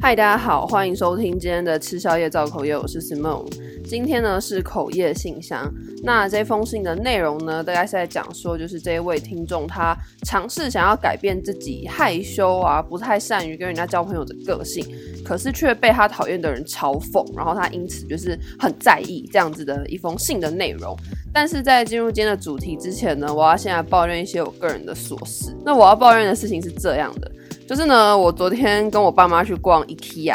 嗨，Hi, 大家好，歡迎收聽今天的吃宵夜造口業，我是 Simone。今天呢是口業信箱，那這封信的內容呢，大概是在講說，就是這一位聽眾他嘗試想要改變自己害羞啊，不太善於跟人家交朋友的個性，可是卻被他討厭的人嘲諷，然後他因此就是很在意這樣子的一封信的內容。但是在進入今天的主題之前呢，我要先來抱怨一些我個人的瑣事。那我要抱怨的事情是這樣的。就是呢，我昨天跟我爸媽去逛 IKEA，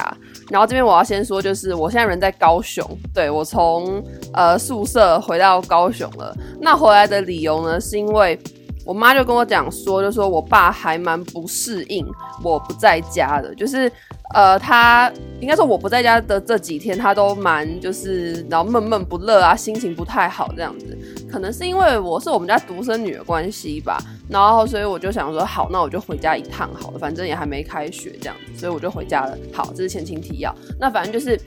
然後這邊我要先說，就是我現在人在高雄，對，我從呃宿舍回到高雄了。那回來的理由呢，是因為我媽就跟我講說，就說我爸還蠻不適應我不在家的，就是呃他應該說我不在家的這幾天，他都蠻就是然後悶悶不樂啊，心情不太好這樣子，可能是因為我是我們家獨生女的關係吧。然後，所以我就想說，好，那我就回家一趟好了，反正也還沒開學這樣子，所以我就回家了。好，這是前情提要。那反正就是，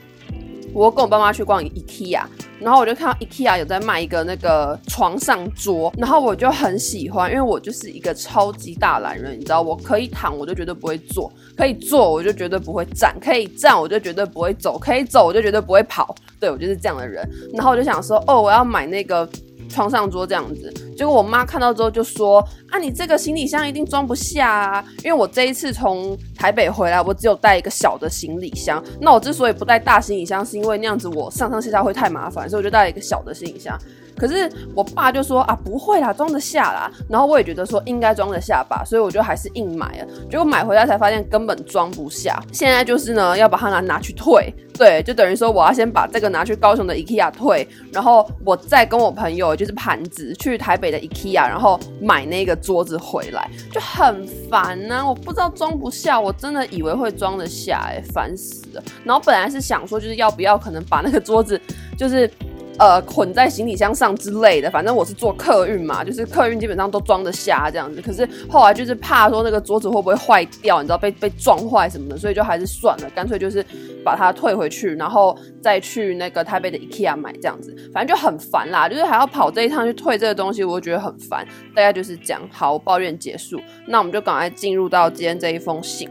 我跟我爸媽去逛 IKEA，然後我就看到 IKEA 有在賣一個那個床上桌，然後我就很喜歡，因為我就是一個超級大懶人，你知道，我可以躺，我就絕對不會坐；可以坐，我就絕對不會站；可以站，我就絕對不會走；可以走，我就絕對不，不會跑。對，我就是這樣的人。然後我就想說，哦，我要買那個。床上桌這樣子，結果我媽看到之後就說：“啊，你這個行李箱一定裝不下啊！因為我這一次從台北回來，我只有帶一個小的行李箱。那我之所以不帶大行李箱，是因為那樣子我上上下下會太麻煩，所以我就帶了一個小的行李箱。”可是我爸就說啊，不會啦，裝得下啦。然後我也覺得說應該裝得下吧，所以我就還是硬買了。結果買回來才發現根本裝不下。現在就是呢，要把它拿拿去退。對，就等於說我要先把這個拿去高雄的 IKEA 退，然後我再跟我朋友就是盤子去台北的 IKEA，然後買那個桌子回來，就很煩呢、啊。我不知道裝不下，我真的以為會裝得下、欸，哎，煩死了。然後本來是想說，就是要不要可能把那個桌子就是。呃，捆在行李箱上之類的，反正我是坐客運嘛，就是客運基本上都裝得下這樣子。可是後來就是怕說那個桌子會不會壞掉，你知道被被撞壞什麼的，所以就還是算了，乾脆就是把它退回去，然後再去那個台北的 IKEA 買這樣子。反正就很煩啦，就是還要跑這一趟去退這個東西，我就覺得很煩。大概就是這樣。好，我抱怨結束，那我們就趕快進入到今天這一封信。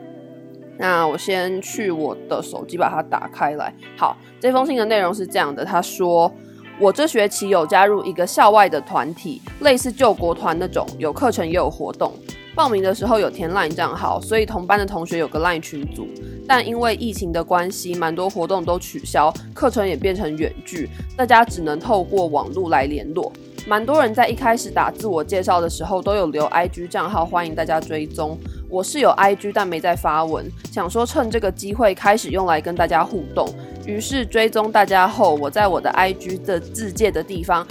那我先去我的手機把它打開來。好，這封信的內容是這樣的，他說。我這學期有加入一個校外的團體，類似救國團那種，有課程也有活動。報名的時候有填 LINE 賬號，所以同班的同學有個 LINE 群組。但因為疫情的關係，蠻多活動都取消，課程也變成遠距，大家只能透過網絡來聯絡。蠻多人在一開始打自我介紹的時候都有留 IG 賬號，歡迎大家追蹤。我是有 IG，但沒在發文，想說趁這個機會開始用來跟大家互動。於是追蹤大家後，我在我的 IG 的自介的地方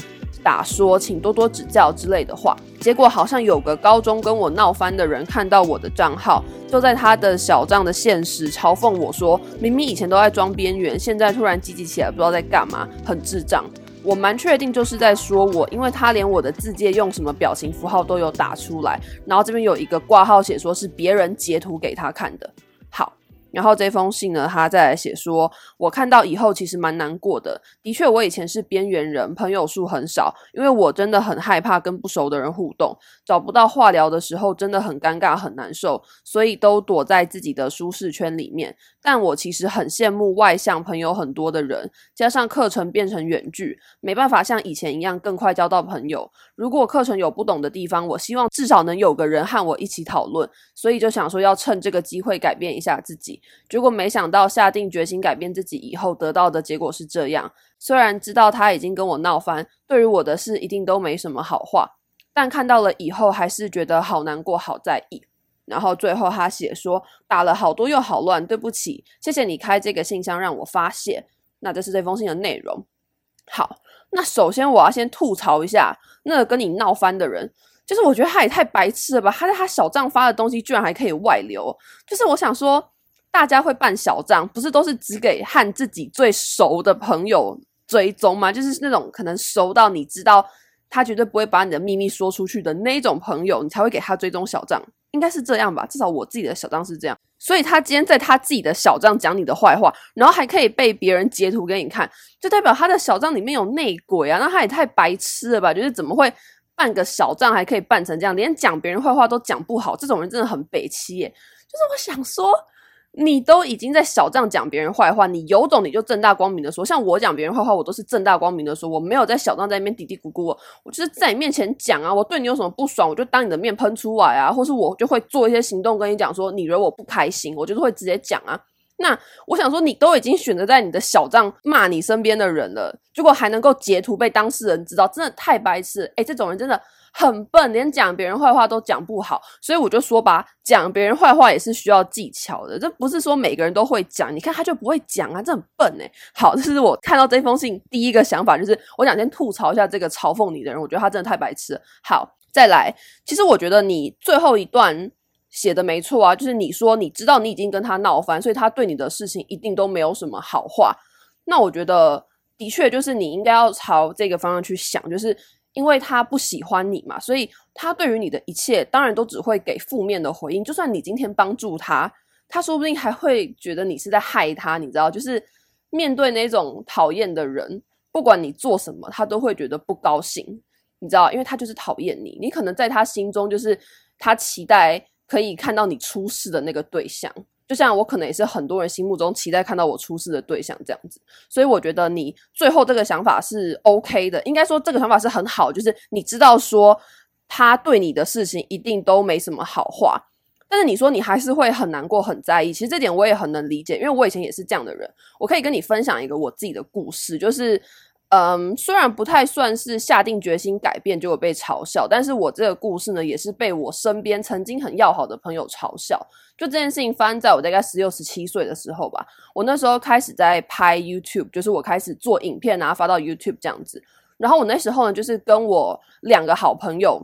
打說，請多多指教之類的話。結果好像有個高中跟我鬧翻的人看到我的賬號，就在他的小賬的限時嘲諷我說，明明以前都在裝邊緣，現在突然積極起來，不知道在幹嘛，很智障。我蠻確定就是在說我，因為他連我的自介用什麼表情符號都有打出來，然後這邊有一個括號寫說是別人截圖給他看的。然後這封信呢，他再來寫說，我看到以後其實蠻難過的。的確，我以前是邊緣人，朋友數很少，因為我真的很害怕跟不熟的人互動，找不到話聊的時候真的很尷尬很難受，所以都躲在自己的舒適圈裡面。但我其實很羨慕外向、朋友很多的人，加上課程變成遠距，沒辦法像以前一樣更快交到朋友。如果課程有不懂的地方，我希望至少能有個人和我一起討論，所以就想說要趁這個機會改變一下自己。結果沒想到，下定決心改變自己以後得到的結果是這樣。雖然知道他已經跟我鬧翻，對於我的事一定都沒什麼好話，但看到了以後還是覺得好難過、好在意。然後最後他寫說：“打了好多又好亂，對不起，謝謝你開這個信箱讓我發洩。”那這是這封信的內容。好，那首先我要先吐槽一下，那個跟你鬧翻的人，就是我覺得他也太白痴了吧？他在他小賬發的東西，居然還可以外流，就是我想說。大家會辦小賬，不是都是只給和自己最熟的朋友追蹤嗎？就是那種可能熟到你知道他絕對不會把你的秘密說出去的那一種朋友，你才會給他追蹤小賬，應該是這樣吧？至少我自己的小賬是這樣。所以他今天在他自己的小賬講你的壞話，然後還可以被別人截圖給你看，就代表他的小賬裡面有內鬼啊！那他也太白痴了吧？就是怎麼會辦個小賬還可以辦成這樣，連講別人壞話都講不好，這種人真的很北七耶！就是我想說。你都已經在小賬講別人壞話，你有種你就正大光明的說，像我講別人壞話，我都是正大光明的說，我沒有在小賬在那邊嘀嘀咕咕，我就是在你面前講啊，我對你有什麼不爽，我就當你的面噴出來啊，或是我就會做一些行動跟你講說，你惹我不開心，我就是會直接講啊。那我想說，你都已經選擇在你的小賬罵你身邊的人了，結果還能夠截圖被當事人知道，真的太白痴，哎，這種人真的。很笨，連講別人壞話都講不好，所以我就說吧，講別人壞話也是需要技巧的，這不是說每個人都會講。你看，他就不會講啊，這很笨誒，欸。好，這是我看到這封信第一個想法，就是我想先吐槽一下這個嘲諷你的人，我覺得他真的太白痴了。好，再來，其實我覺得你最後一段寫的沒錯啊，就是你說你知道你已經跟他鬧翻，所以他對你的事情一定都沒有什麼好話。那我覺得的確就是你應該要朝這個方向去想，就是。因為他不喜歡你嘛，所以他對於你的一切，當然都只會給負面的回應。就算你今天幫助他，他說不定還會覺得你是在害他，你知道？就是面對那種討厭的人，不管你做什麼，他都會覺得不高興，你知道？因為他就是討厭你，你可能在他心中就是他期待可以看到你出事的那個對象。就像我可能也是很多人心目中期待看到我出事的對象這樣子，所以我覺得你最後這個想法是 OK 的，應該說這個想法是很好，就是你知道說他對你的事情一定都沒什麼好話，但是你說你還是會很難過、很在意，其實這點我也很能理解，因為我以前也是這樣的人。我可以跟你分享一個我自己的故事，就是。嗯，um, 雖然不太算是下定決心改變就會被嘲笑，但是我這個故事呢，也是被我身邊曾經很要好的朋友嘲笑。就這件事情發生在我在大概十六、十七歲的時候吧。我那時候開始在拍 YouTube，就是我開始做影片啊，發到 YouTube 這樣子。然後我那時候呢，就是跟我兩個好朋友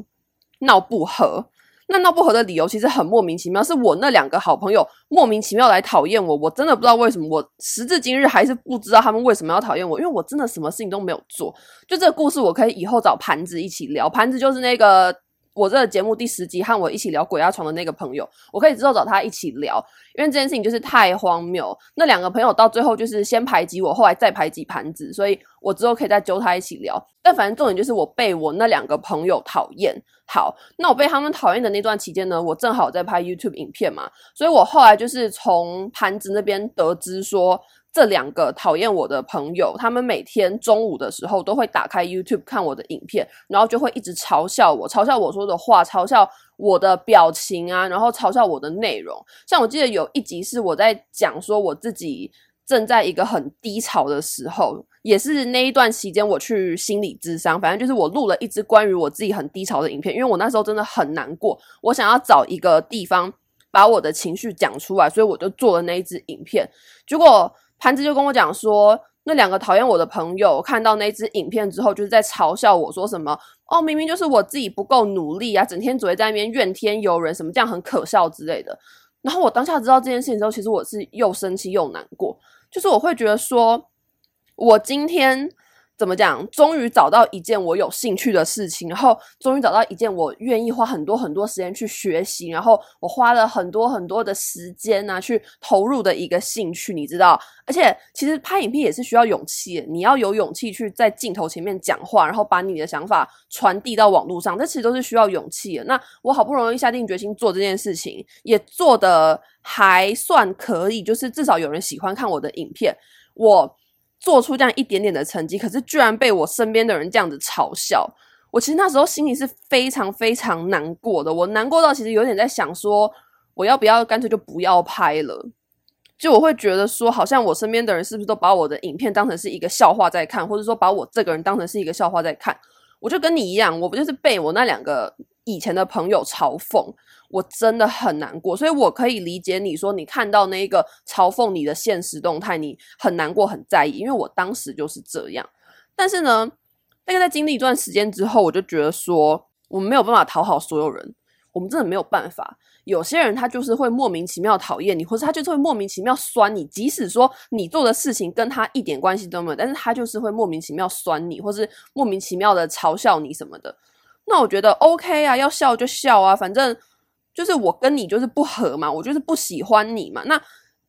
鬧不和。那鬧不合的理由其實很莫名其妙，是我那兩個好朋友莫名其妙來討厭我，我真的不知道為什麼，我時至今日還是不知道他們為什麼要討厭我，因為我真的什麼事情都沒有做。就這個故事，我可以以後找盤子一起聊，盤子就是那個。我這個節目第十集和我一起聊鬼壓床的那個朋友，我可以之後找他一起聊，因為這件事情就是太荒謬。那兩個朋友到最後就是先排擠我，後來再排擠盤子，所以我之後可以再揪他一起聊。但反正重點就是我被我那兩個朋友討厭。好，那我被他們討厭的那段期間呢，我正好在拍 YouTube 影片嘛，所以我後來就是從盤子那邊得知說。這兩個討厭我的朋友，他們每天中午的時候都會打開 YouTube 看我的影片，然後就會一直嘲笑我，嘲笑我說的話，嘲笑我的表情啊，然後嘲笑我的內容。像我記得有一集是我在講說我自己正在一個很低潮的時候，也是那一段時間我去心理諮商，反正就是我錄了一支關於我自己很低潮的影片，因為我那時候真的很難過，我想要找一個地方把我的情緒講出來，所以我就做了那一支影片。結果盤子就跟我講說，那兩個討厭我的朋友看到那支影片之後，就是在嘲笑我說什麼哦，明明就是我自己不夠努力啊，整天只會在那邊怨天尤人，什麼這樣很可笑之類的。然後我當下知道這件事情之後，其實我是又生氣又難過，就是我會覺得說，我今天。怎麼講？終於找到一件我有興趣的事情，然後終於找到一件我願意花很多很多時間去學習，然後我花了很多很多的時間呢、啊，去投入的一個興趣，你知道？而且其實拍影片也是需要勇氣，你要有勇氣去在鏡頭前面講話，然後把你的想法傳遞到網絡上，這其實都是需要勇氣的。那我好不容易下定決心做這件事情，也做得還算可以，就是至少有人喜歡看我的影片，我。做出這樣一點點的成績，可是居然被我身邊的人這樣子嘲笑，我其實那時候心裡是非常非常難過的，我難過到其實有點在想說，我要不要乾脆就不要拍了，就我會覺得說，好像我身邊的人是不是都把我的影片當成是一個笑話在看，或者說把我這個人當成是一個笑話在看，我就跟你一樣，我不就是被我那兩個以前的朋友嘲諷。我真的很難過，所以我可以理解你說你看到那個嘲諷你的限時動態，你很難過，很在意，因為我當時就是這樣。但是呢，那個在經歷一段時間之後，我就覺得說我們沒有辦法討好所有人，我們真的沒有辦法。有些人他就是會莫名其妙討厭你，或是他就是會莫名其妙酸你，即使說你做的事情跟他一點關係都沒有，但是他就是會莫名其妙酸你，或是莫名其妙的嘲笑你什麼的。那我覺得 OK 啊，要笑就笑啊，反正。就是我跟你就是不合嘛，我就是不喜歡你嘛。那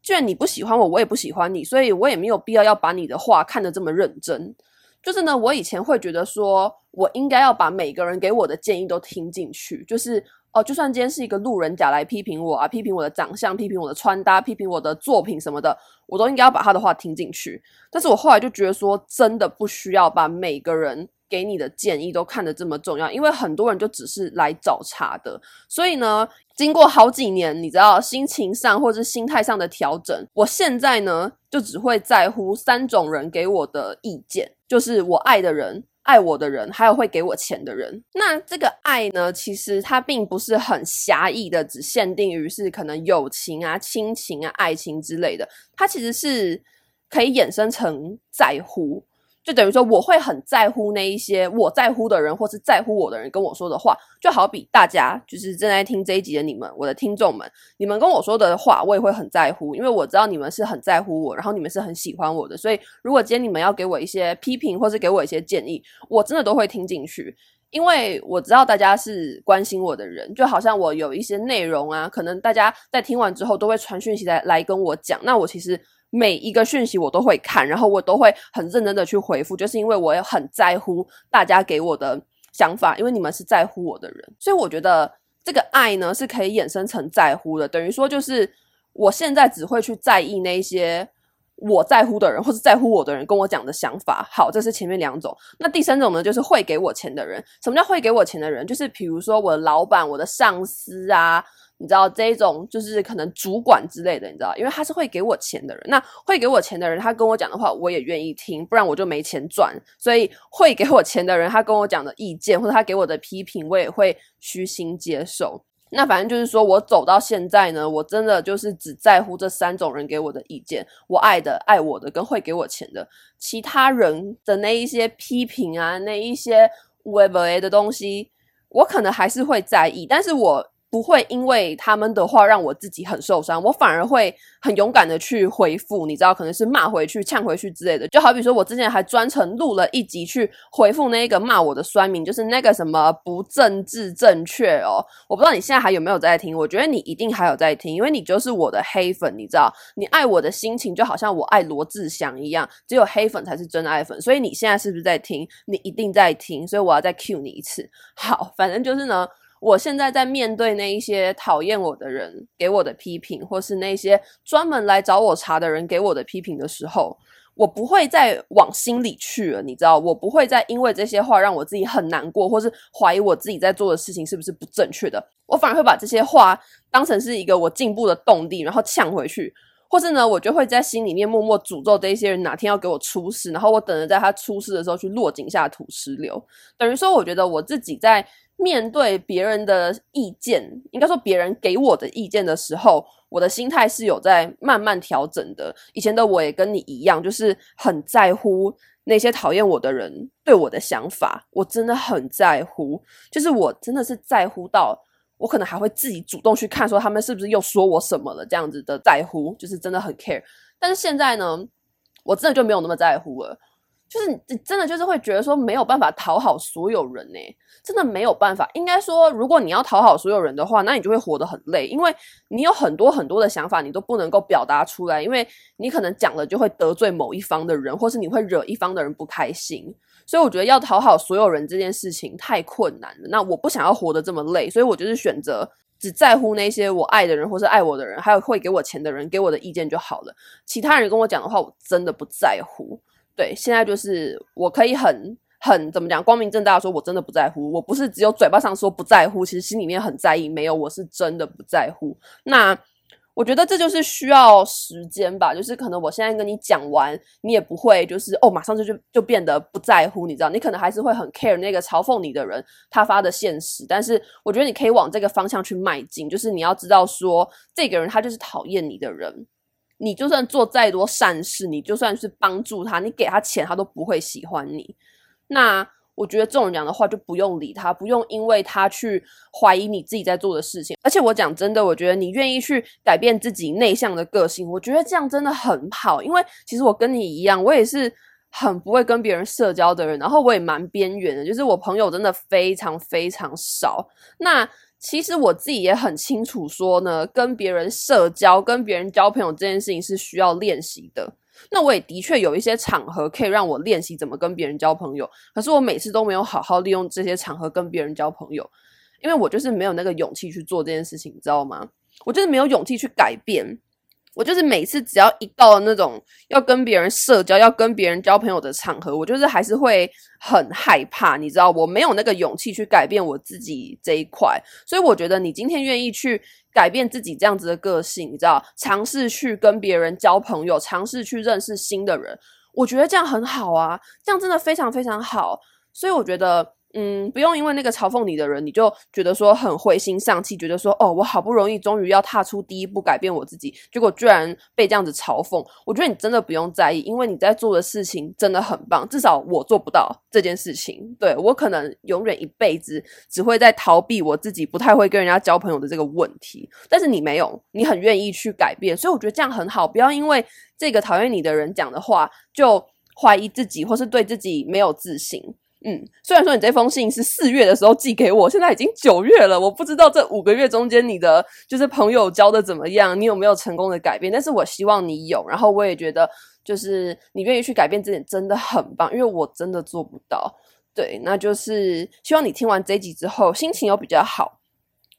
既然你不喜歡我，我也不喜歡你，所以我也沒有必要要把你的話看得這麼認真。就是呢，我以前會覺得說，我應該要把每個人給我的建議都聽進去。就是哦，就算今天是一個路人甲來批評我啊，批評我的長相，批評我的穿搭，批評我的作品什麼的，我都應該要把他的話聽進去。但是我後來就覺得說，真的不需要把每個人給你的建議都看得這麼重要，因為很多人就只是來找茬的。所以呢，經過好幾年，你知道心情上或者是心態上的調整，我現在呢就只會在乎三種人給我的意見，就是我愛的人、愛我的人，還有會給我錢的人。那這個愛呢，其實它並不是很狹義的，只限定於是可能友情啊、親情啊、愛情之類的，它其實是可以衍生成在乎。就等於說，我會很在乎那一些我在乎的人，或是在乎我的人跟我說的話。就好比大家就是正在聽這一集的你們，我的聽眾們，你們跟我說的話，我也會很在乎，因為我知道你們是很在乎我，然後你們是很喜歡我的。所以，如果今天你們要給我一些批評，或是給我一些建議，我真的都會聽進去，因為我知道大家是關心我的人。就好像我有一些內容啊，可能大家在聽完之後都會傳訊息來來跟我講。那我其實。每一個訊息我都會看，然後我都會很認真的去回復，就是因為我很在乎大家給我的想法，因為你們是在乎我的人，所以我覺得這個愛呢是可以衍生成在乎的，等於說就是我現在只會去在意那些我在乎的人或者在乎我的人跟我講的想法。好，這是前面兩種，那第三種呢就是會給我錢的人。什麼叫會給我錢的人？就是比如說我的老闆、我的上司啊。你知道這一種就是可能主管之類的，你知道，因為他是會給我錢的人。那會給我錢的人，他跟我講的話，我也願意聽，不然我就沒錢賺。所以會給我錢的人，他跟我講的意見或者他給我的批評，我也會虛心接受。那反正就是說我走到現在呢，我真的就是只在乎這三種人給我的意見：我愛的、愛我的，跟會給我錢的。其他人的那一些批評啊，那一些 whatever 的東西，我可能還是會在意，但是我，不會因為他們的話讓我自己很受傷，我反而會很勇敢的去回復，你知道，可能是罵回去、嗆回去之類的。就好比說我之前還專程錄了一集去回復那個罵我的酸民，就是那個什麼不政治正確哦。我不知道你現在還有沒有在聽，我覺得你一定還有在聽，因為你就是我的黑粉，你知道，你愛我的心情就好像我愛羅志祥一樣，只有黑粉才是真愛粉，所以你現在是不是在聽？你一定在聽，所以我要再 cue 你一次。好，反正就是呢。我現在在面對那一些討厭我的人給我的批評，或是那些專門來找我碴的人給我的批評的時候，我不會再往心裡去了。你知道，我不會再因為這些話讓我自己很難過，或是懷疑我自己在做的事情是不是不正確的。我反而會把這些話當成是一個我進步的動力，然後嗆回去，或是呢，我就會在心裡面默默詛咒這些人哪天要給我出事，然後我等着在他出事的時候去落井下土石流。等於說，我覺得我自己在。面對別人的意見，應該說別人給我的意見的時候，我的心態是有在慢慢調整的。以前的我也跟你一樣，就是很在乎那些討厭我的人對我的想法，我真的很在乎，就是我真的是在乎到我可能還會自己主動去看，說他們是不是又說我什麼了，這樣子的在乎，就是真的很 care。但是現在呢，我真的就沒有那麼在乎了。就是你真的就是會覺得說沒有辦法討好所有人呢、欸,真的沒有辦法。應該說，如果你要討好所有人的話，那你就會活得很累，因為你有很多很多的想法，你都不能夠表達出來，因為你可能講了就會得罪某一方的人，或是你會惹一方的人不開心。所以我覺得要討好所有人這件事情太困難了。那我不想要活得這麼累，所以我就是選擇只在乎那些我愛的人，或是愛我的人，還有會給我錢的人，給我的意見就好了。其他人跟我講的話，我真的不在乎。對，現在就是我可以很很，怎麼講，光明正大地說，我真的不在乎，我不是只有嘴巴上說不在乎，其實心裡面很在意，沒有，我是真的不在乎。那我覺得這就是需要時間吧，就是可能我現在跟你講完，你也不會就是哦，馬上就就就變得不在乎，你知道，你可能還是會很 care 那個嘲諷你的人他發的現實，但是我覺得你可以往這個方向去邁進，就是你要知道說，這個人他就是討厭你的人。你就算做再多善事，你就算是幫助他，你給他錢，他都不會喜歡你。那我覺得這種人的話，就不用理他，不用因為他去懷疑你自己在做的事情。而且我講真的，我覺得你願意去改變自己內向的個性，我覺得這樣真的很好。因為其實我跟你一樣，我也是很不會跟別人社交的人，然後我也蠻邊緣的，就是我朋友真的非常非常少。那其實我自己也很清楚，說呢，跟別人社交、跟別人交朋友這件事情是需要練習的。那我也的確有一些場合可以讓我練習怎麼跟別人交朋友，可是我每次都沒有好好利用這些場合跟別人交朋友，因為我就是沒有那個勇氣去做這件事情，你知道嗎？我就是沒有勇氣去改變。我就是每次只要一到那種要跟別人社交、要跟別人交朋友的場合，我就是還是會很害怕，你知道，我沒有那個勇氣去改變我自己這一塊。所以我覺得你今天願意去改變自己這樣子的個性，你知道，嘗試去跟別人交朋友，嘗試去認識新的人，我覺得這樣很好啊，這樣真的非常非常好。所以我覺得。嗯，不用因為那個嘲諷你的人，你就覺得說很灰心喪氣，覺得說哦，我好不容易終於要踏出第一步改變我自己，結果居然被這樣子嘲諷。我覺得你真的不用在意，因為你在做的事情真的很棒，至少我做不到這件事情。對，我可能永遠一輩子只會在逃避我自己不太會跟人家交朋友的這個問題，但是你沒有，你很願意去改變，所以我覺得這樣很好。不要因為這個討厭你的人講的話就懷疑自己，或是對自己沒有自信。嗯，雖然說你這封信是四月的時候寄給我，現在已經九月了，我不知道這五個月中間你的就是朋友交的怎麼樣，你有沒有成功的改變？但是我希望你有，然後我也覺得就是你願意去改變這點真的很棒，因為我真的做不到。對，那就是希望你聽完這集之後心情有比較好。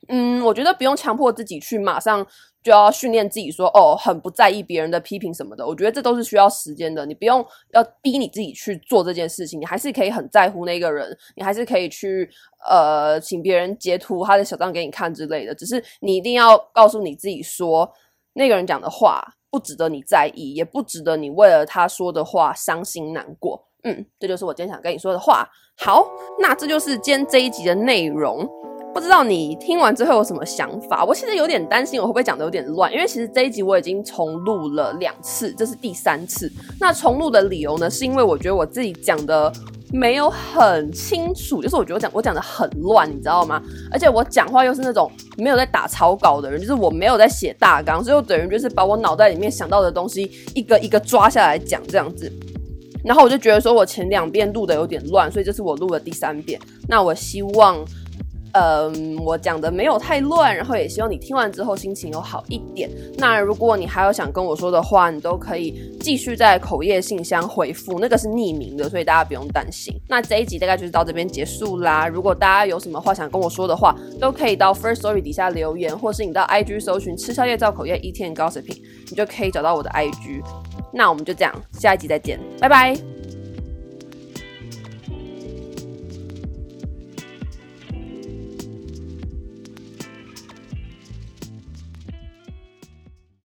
嗯，我覺得不用強迫自己去馬上。就要訓練自己說哦，很不在意別人的批評什麼的。我覺得這都是需要時間的，你不用要逼你自己去做這件事情，你還是可以很在乎那個人，你還是可以去呃請別人截圖他的小賬給你看之類的。只是你一定要告訴你自己說，那個人講的話不值得你在意，也不值得你為了他說的話傷心難過。嗯，這就是我今天想跟你說的話。好，那這就是今天這一集的內容。不知道你聽完之後有什麼想法？我其實有點擔心我會不會講的有點亂，因為其實這一集我已經重錄了兩次，這是第三次。那重錄的理由呢，是因為我覺得我自己講的沒有很清楚，就是我覺得我講我講的很亂，你知道嗎？而且我講話又是那種沒有在打草稿的人，就是我沒有在寫大綱，所以我等於就是把我腦袋裡面想到的東西一個一個抓下來講這樣子。然後我就覺得說我前兩遍錄的有點亂，所以這是我錄的第三遍。那我希望。嗯、呃，我講的沒有太亂，然後也希望你聽完之後心情有好一點。那如果你還有想跟我說的話，你都可以繼續在口業信箱回復，那個是匿名的，所以大家不用擔心。那這一集大概就是到這邊結束啦。如果大家有什麼話想跟我說的話，都可以到 First Story 底下留言，或是你到 IG 搜尋“吃宵夜造口業 eating and gossiping”，你就可以找到我的 IG。那我們就這樣，下一集再見，拜拜。